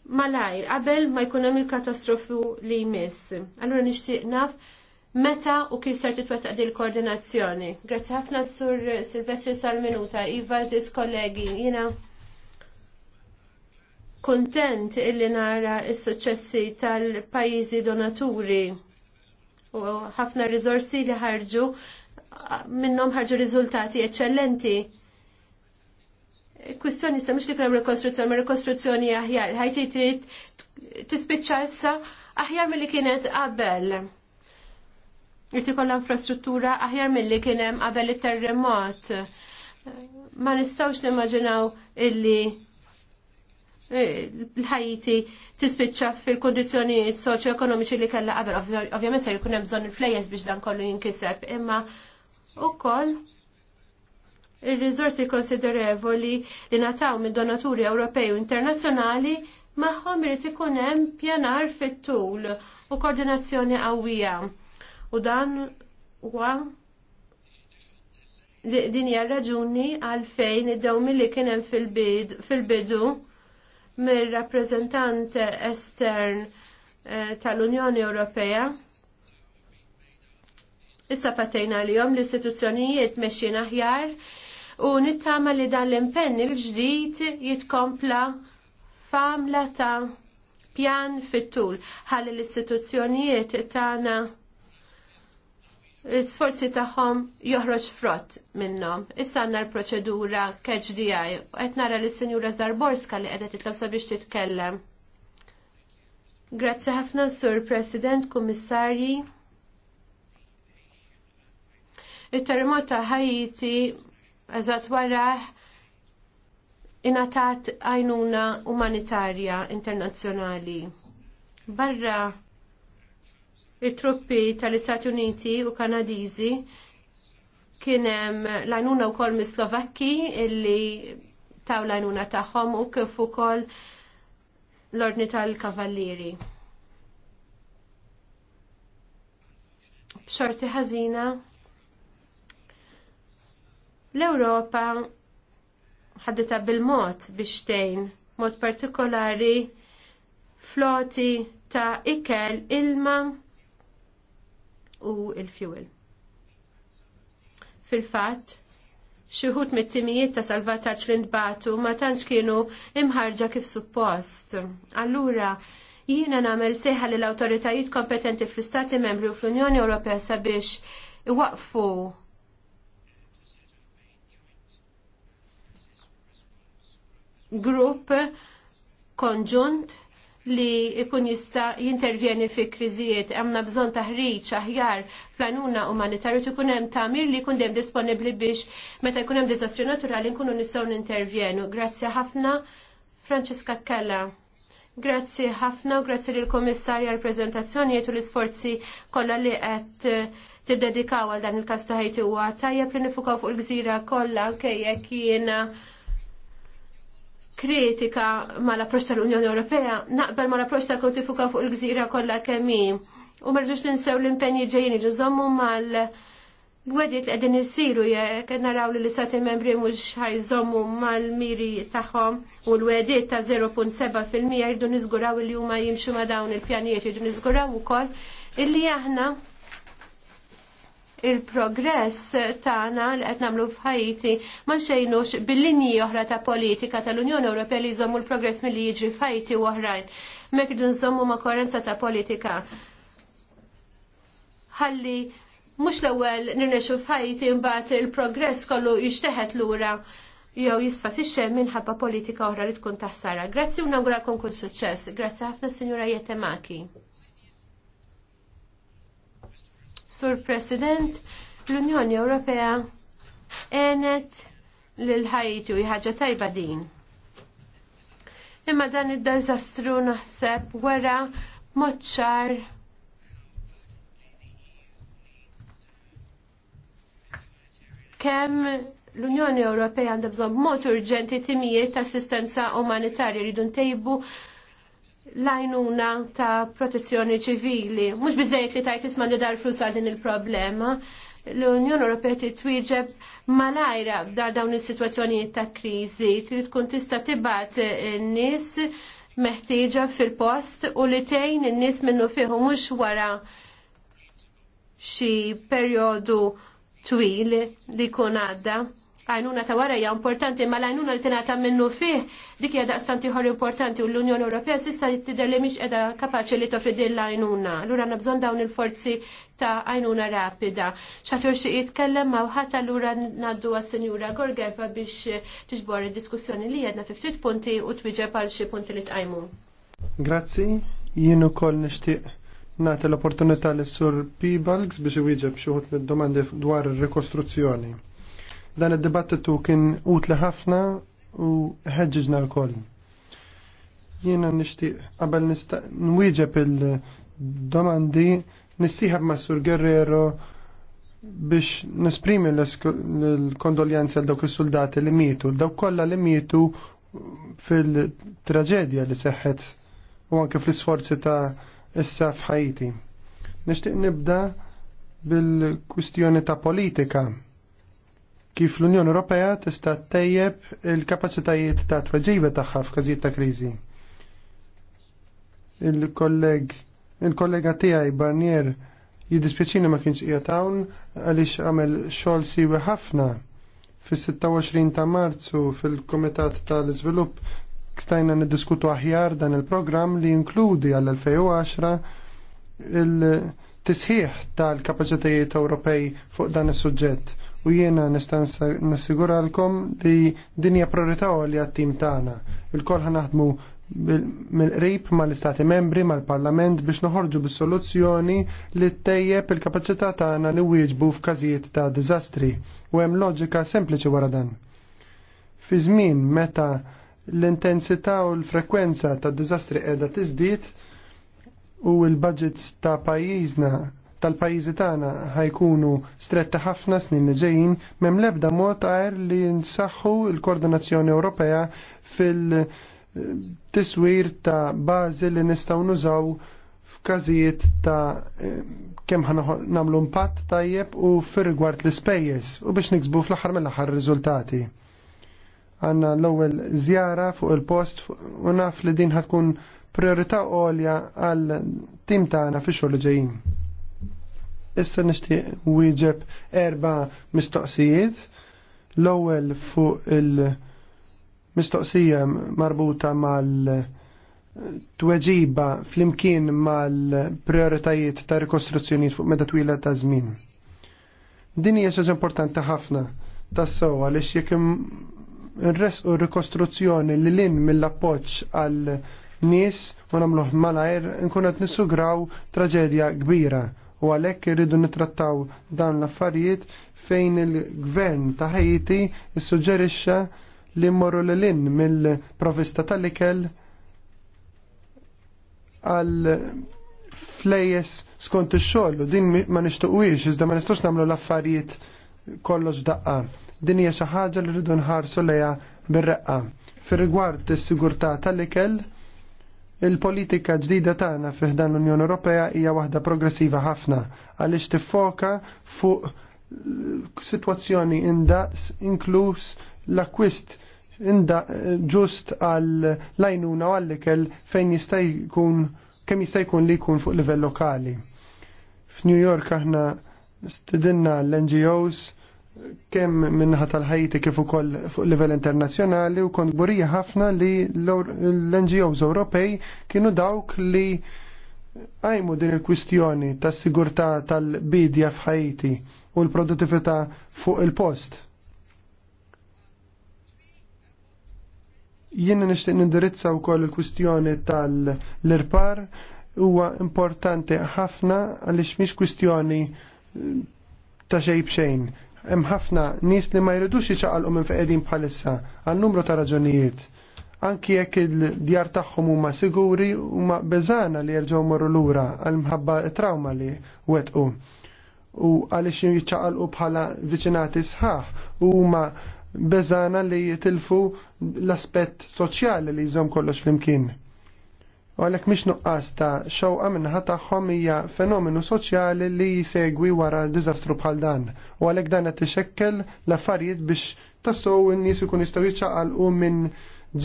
malajr, qabel ma jkun hemm il-katastrofu li jmiss. Allura nixtieq naf meta u kif ser titwettaq din il-koordinazzjoni. Grazzi ħafna sur Silvestri Salminuta, Iva Ziz kollegi, jiena kuntent illi nara il suċċessi tal-pajjiżi donaturi u ħafna rizorsi li ħarġu minnhom ħarġu riżultati eċċellenti kwistjoni sa mhux li krem rekonstruzzjoni, ma rekonstruzzjoni aħjar, ħajti trid tispiċċa issa aħjar milli kienet qabel. Irti kollha infrastruttura aħjar milli kien hemm qabel it-terremot. Ma nistgħux nimmaġinaw illi eh, l-ħajti tispiċċa fil-kondizjonijiet soċjoekonomiċi li kellha qabel. Ovvjament se jkun hemm bżonn il-flejjes biex dan kollu jinkiseb, imma ukoll il-rizorsi konsiderevoli li nataw minn donaturi Ewropej u internazzjonali magħhom irid ikun hemm pjanar fit-tul u koordinazzjoni qawwija. U dan huwa din hija raġuni għalfejn id-dawmi li kien hemm fil-bidu fil bidu mir rappreżentant estern eh, tal-Unjoni Ewropea. Issa fatejna li jom l-istituzzjonijiet meċin aħjar u nittama li dan l-impenn il-ġdid jitkompla famla ta' pjan fit-tul ħalli l-istituzzjonijiet tagħna l-sforzi tagħhom joħroġ frott minnhom. Issa għandna l-proċedura KHDI u qed nara lis sinjura Zarborska li qiegħda titlob sabiex titkellem. Grazzi ħafna Sur President, Kummissarji. it terremot ta' Ħajti Eżat wara inatat għajnuna umanitarja internazzjonali. Barra il-truppi tal-Istati Uniti u Kanadizi kienem lajnuna u kol mis-Slovakki illi taw għajnuna taħħom u kif ukoll l-ordni tal-kavallieri. B'xorti ħażina L-Ewropa ħaddita bil-mod biex tgħin, mod partikolari floti ta' ikel, ilma u il-fuel. Fil-fatt, xuħut mit-timijiet ta' salvataġġ li ntbatu ma tantx kienu imħarġa kif suppost. Allura, jiena nagħmel seħħa lill awtoritajiet kompetenti fl-Istati Membri u fl-Unjoni Ewropea sabiex iwaqfu grupp konġunt li ikun jista jintervjeni fi kriżijiet għamna bżon taħriġ aħjar planuna umanitarju tkun hemm tamir li jkun dejjem disponibbli biex meta jkun hemm diżastru naturali nkunu nistgħu nintervjenu. Grazzi ħafna Franċiska Kella. Grazzi ħafna u grazzi lill komissarja għal preżentazzjonijiet u l-isforzi kollha li qed tiddedikaw għal dan il-każ ta' għata huwa tajjeb li nifukaw fuq il-gżira kollha anke jekk jiena kritika mal-approċċ l unjoni Ewropea, naqbel mal la tal kontifuka fuq il-gżira kollha kemm U marġux ninsew l-impenji ġejjin ġużommu mal- Gwediet li għedin jisiru jek naraw li l-istati membri mux ħajżommu mal-miri taħħom u l-wediet ta' 0.7% jirdu nizguraw li huma jimxu ma' dawn il-pjanijiet jirdu nizguraw u koll illi aħna il-progress tagħna li qed nagħmlu f'Ħajti ma xejnux bil-linji oħra ta' politika tal-Unjoni Ewropea li jżommu l-progress milli jiġri f'Ħajti u oħrajn. Mek nżommu ma' korenza ta' politika. Ħalli mhux l-ewwel nirnexu f'Ħajti imbagħad il-progress kollu jixteħet lura jew jista' fisċe minħabba politika oħra li tkun taħsara. Grazzi u nawgurakom kull suċċess. Grazzi ħafna Sinjura Jetemaki. Sur President, l-Unjoni Ewropea għenet l ħajtu jħagġa ħaġa tajba din. Imma dan id-dazastru naħseb wara moċċar kemm l-Unjoni Ewropea għandha bżonn mod urġenti timijiet ta' assistenza umanitarja rridu ntejbu lajnuna ta' protezzjoni ċivili. Mux bizzejt li tajt isman li dar flus għal din il-problema. L-Unjoni Ewropea titwieġeb malajra dar dawn is-sitwazzjonijiet ta' kriżi, trid tkun tista' tibgħat in-nies meħtieġa fil-post u li tgħin in-nies minnu fihom mhux wara xi perjodu twil li jkun għadda għajnuna ta' wara hija importanti, ma l-għajnuna li tingħata minnu fih dik hija daqstant ieħor importanti u l-Unjoni Ewropea s'issa tidher li mhix qiegħda kapaċi li toffri din l-għajnuna. Allura għandna bżonn dawn il-forzi ta' għajnuna rapida. Xatur xi jitkellem ma' ħadd allura ngħaddu għas-Sinjura Gorgeva biex tiġbor id-diskussjoni li għedna fi ftit punti u twieġeb għal xi punti li tqajmu. Grazzi, jien ukoll nixtieq nagħti l-opportunità lis sur Pibalgs biex iwieġeb xi wħud mid-domandi dwar ir-rikostruzzjoni. Dan id-dibattitu kien utli ħafna u ħedġiġna l-koll. Jiena nixtieq qabel nwieġeb il-domandi nissiħab ma' Sur Guerrero biex nesprimi l-kondoljanzi għal dawk is-soldati li mietu, dawk kollha li mietu fil-traġedja li seħħet u anke fl-isforzi ta' issa f'Ħajti. Nixtieq nibda bil-kustjoni ta' politika kif l-Unjoni Ewropea tista' tejjeb il-kapaċitajiet ta' tweġiba tagħha f'każijiet ta' kriżi. Il-kolleg il-kollega tiegħi Barnier jiddispjaċini ma kienx qiegħed hawn għaliex għamel xogħol siwi ħafna fis-26 ta' Marzu fil-Kumitat tal-Iżvilupp stajna niddiskutu aħjar dan il-programm li jinkludi għall-2010 il-tisħiħ tal-kapaċitajiet Ewropej fuq dan is-suġġett u jiena nista' nassiguralkom li dinja priorità li għat-tim tagħna. Il-kol ħanaħdmu mill-qrib mal-Istati membri mal-Parlament biex noħorġu bis-soluzzjoni li ttejjeb il-kapaċità tagħna li wieġbu f'każijiet ta' diżastri u hemm loġika sempliċi wara dan. Fi żmien meta l-intensità u l-frekwenza ta' diżastri qiegħda tiżdied u l-budgets ta' pajjiżna tal-pajjiżi tagħna ħajkunu stretta ħafna snin li ġejjin m'hemm l-ebda mod għar li nsaħħu l-koordinazzjoni Ewropea fil-tiswir ta' bażi li nistgħu nużaw f'każijiet ta' eh, kemm nagħmlu impatt tajjeb u fir-rigward l-ispejjeż u biex niksbu fl-aħħar mill-aħħar riżultati. Għanna l-ewwel żjara fuq il-post u naf li din ħatkun priorità għolja għal tim tagħna fix-xogħol ġejjin. Issa nixtieq wieġeb erba' mistoqsijiet. L-ewwel fuq il-mistoqsija marbuta mal tweġiba flimkien mal-prioritajiet ta' rikostruzzjonijiet fuq meta twila ta' żmien. Din hija xi importanti ħafna tas sewwa għaliex jekk nres u rikostruzzjoni li lin mill-appoġġ għal nies u nagħmluh malajr nkun qed nissugraw traġedja kbira u għalhekk irridu nitrattaw dawn l-affarijiet fejn il-gvern ta' Ħajti issuġġerixxa li mmorru lin mill-provista tal-ikel għal flejes skont ix-xogħol u din ma nixtuqwix iżda ma nistgħux nagħmlu l-affarijiet kollox daqqa. Din hija xi ħaġa li rridu nħarsu lejha bir-reqqa. Fir-rigward is-sigurtà tal-ikel, Il-politika ġdida tagħna fih dan l-Unjoni Ewropea hija waħda progressiva ħafna għaliex tiffoka fuq sitwazzjoni indaqs inkluż l-akwist inda ġust għal lajnuna u għallikel fejn jista' jkun kemm jista' jkun li jkun fuq livell lokali. F'New York aħna stidinna l-NGOs kemm minnaħa tal-ħajti kif ukoll fuq livell internazzjonali u kont burija ħafna li l-NGOs Ewropej kienu dawk li għajmu din il-kwistjoni tas sigurtà tal-bidja f'Ħajti u l-produttività fuq il-post. Jiena nixtieq nindirizza wkoll il-kwistjoni tal-irpar huwa importanti ħafna għaliex mhix kwistjoni ta' xejn hemm ħafna nies li ma jridux jiċċaqalqu minn feqegħdin bħalissa għal numru ta' raġunijiet. Anki jekk il-djar tagħhom huma siguri huma beżana li jerġgħu morru lura għal mħabba trauma li wetqu. U għaliex jiċċaqalqu bħala viċinati sħaħ huma beżana li jitilfu l-aspett soċjali li jżomm kollox flimkien. U għalhekk mhix nuqqas ta' xewqa minnaħa tagħhom hija fenomenu soċjali li jsegwi wara diżastru bħal dan. U għalhekk dan qed ixekkel l-affarijiet biex tassew in nis ikun jistgħu jiċċaqalqu minn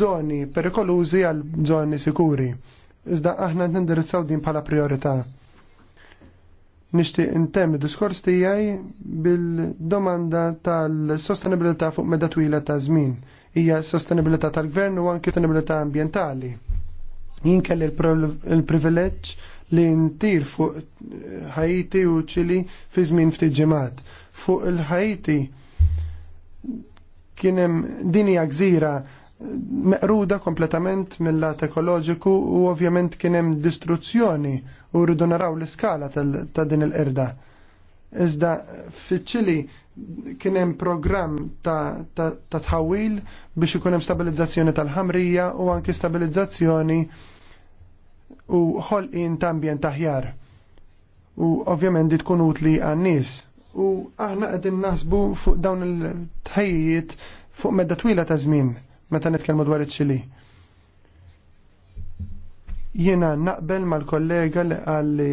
żoni perikolużi għal żoni sikuri. Iżda aħna nindirizzaw din bħala priorità nishtiq intem diskors tiegħi bil-domanda tal-sostenibilità fuq medda twila ta' żmien. Hija sostenibilità tal-gvern u anke sostenibilità ambjentali. Jien kelli l-privileġġ li ntir fuq Ħajti eh, u ċili fi żmien ftit ġimgħat. Fuq il-Ħajti kien hemm din hija gżira meqruda kompletament mill-lat ekoloġiku u ovvjament kien hemm distruzzjoni u rridu naraw l-iskala ta' din il-qirda. Iżda fiċ-ċili kien hemm programm ta' tħawil biex ikun hemm stabilizzazzjoni tal-ħamrija u anke stabilizzazzjoni u ħolqien ta' ambjent taħjar U ovvjament di tkun utli għan-nies. U aħna qegħdin naħsbu fuq dawn il tħajjiet fuq medda twila ta' żmien meta nitkellmu dwar iċ-Ċili. Jiena naqbel mal-kollega li għalli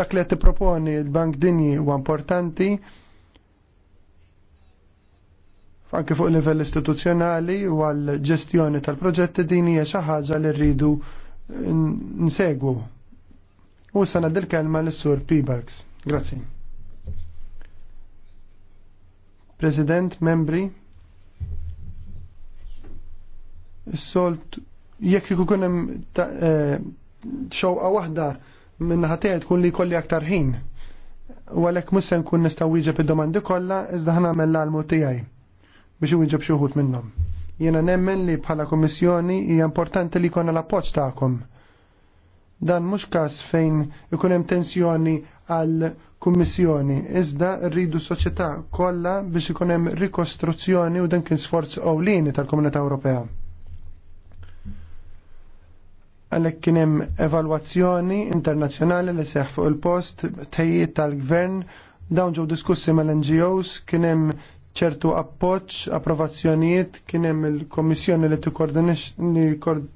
dak li qed proponi l-Bank Dinji huwa importanti anke fuq livell istituzzjonali u għal ġestjoni tal-proġetti din hija xi ħaġa li rridu nsegwu. U sana dil-kelma l-sur Pibax. Grazzi. President, membri, s-solt, jekk ikun kunem xewqa waħda minna ħatejt kun li kolli aktar ħin. U għalek mussen kun nistaw wieġeb id-domandi kollha iżda ħana mella l-mu tiegħi biex wieġeb xi wħud minnhom. Jena nemmen li bħala Kommissjoni hija importanti li jkollna l-appoġġ tagħkom. Dan mhux każ fejn ikun hemm tensjoni għal Kummissjoni, iżda rridu soċjetà kollha biex ikun hemm rikostruzzjoni u dan kien sforz ewlieni tal-Komunità Ewropea għalek kienem evalwazzjoni internazjonali li seħ fuq il-post tejjiet tal-gvern dawn ġew diskussi mal-NGOs kienem ċertu appoġġ, approvazzjonijiet kien hemm il-Kommissjoni li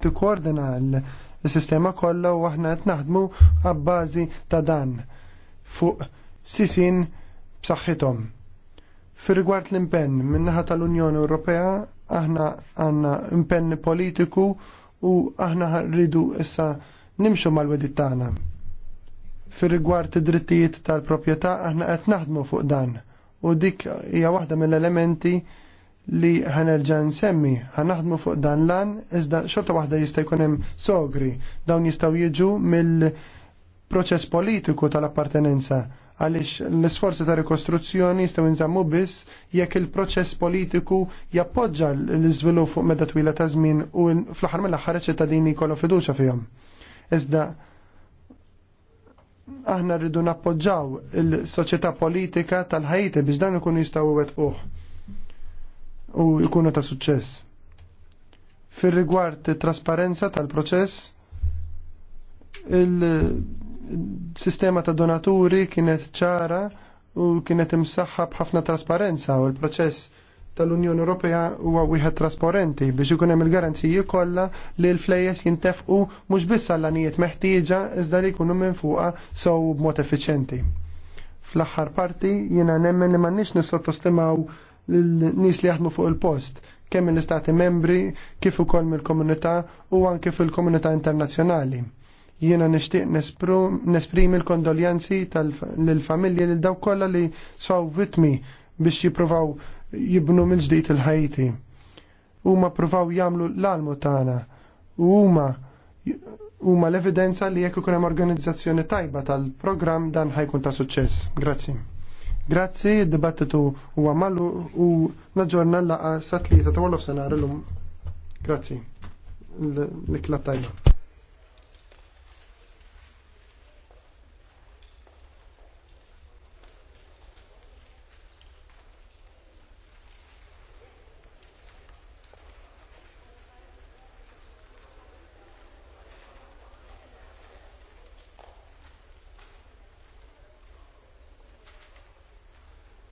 tikkoordina l-sistema kollha u aħna qed naħdmu għabbażi ta' dan fuq sisin b'saħħithom. Fir-rigward l-impenn min-naħa tal-Unjoni Ewropea aħna għandna impenn politiku u aħna rridu issa nimxu mal-wedit tagħna. Fir-rigward id-drittijiet tal-proprjetà aħna qed naħdmu fuq dan u dik hija waħda mill-elementi li ħanerġa' nsemmi. Ħanaħdmu fuq dan lan iżda xorta waħda jista' jkun hemm sogri dawn jistgħu jiġu mill-proċess politiku tal-appartenenza għaliex l-isforzi ta' rikostruzzjoni jistgħu nżammu biss jekk il-proċess politiku jappoġġa l-iżvilupp fuq medda twila ta' żmien u fl-aħħar mill-aħħar iċ-ċittadini jkollu fiduċja fihom. Iżda aħna rridu nappoġġaw il-soċjetà politika tal-Ħajti biex dan ikun jistgħu wettquh u jkunu ta' suċċess. Fir-rigward trasparenza tal-proċess, il-sistema ta' donaturi kienet ċara u kienet imsaħħa b'ħafna trasparenza u l-proċess tal-Unjoni Ewropea huwa wieħed trasparenti biex ikun hemm il-garanziji kollha li l-flejjes jintefqu mhux biss għall-anijiet meħtieġa iżda li jkunu minn fuqha sew b'mod effiċjenti. Fl-aħħar parti jiena nemmen li m'għandniex nissottostimaw l-nies li jaħdmu fuq il-post kemm l-istati membri kif ukoll mill-komunità u anke fil-komunità internazzjonali jiena nixtieq nesprimi l-kondoljanzi tal-familji lil dawk kollha li sfaw vitmi biex jippruvaw jibnu mill ġdid il-ħajti. Huma provaw jagħmlu l-almu tagħna u huma huma l-evidenza li jekk ikun hemm organizzazzjoni tajba tal-programm dan ħajkun ta' suċċess. Grazzi. Grazzi, id-dibattitu huwa mallu u naġġorna l-laqa sa tlieta ta' wolof senar Grazzi. L-ikla tajba.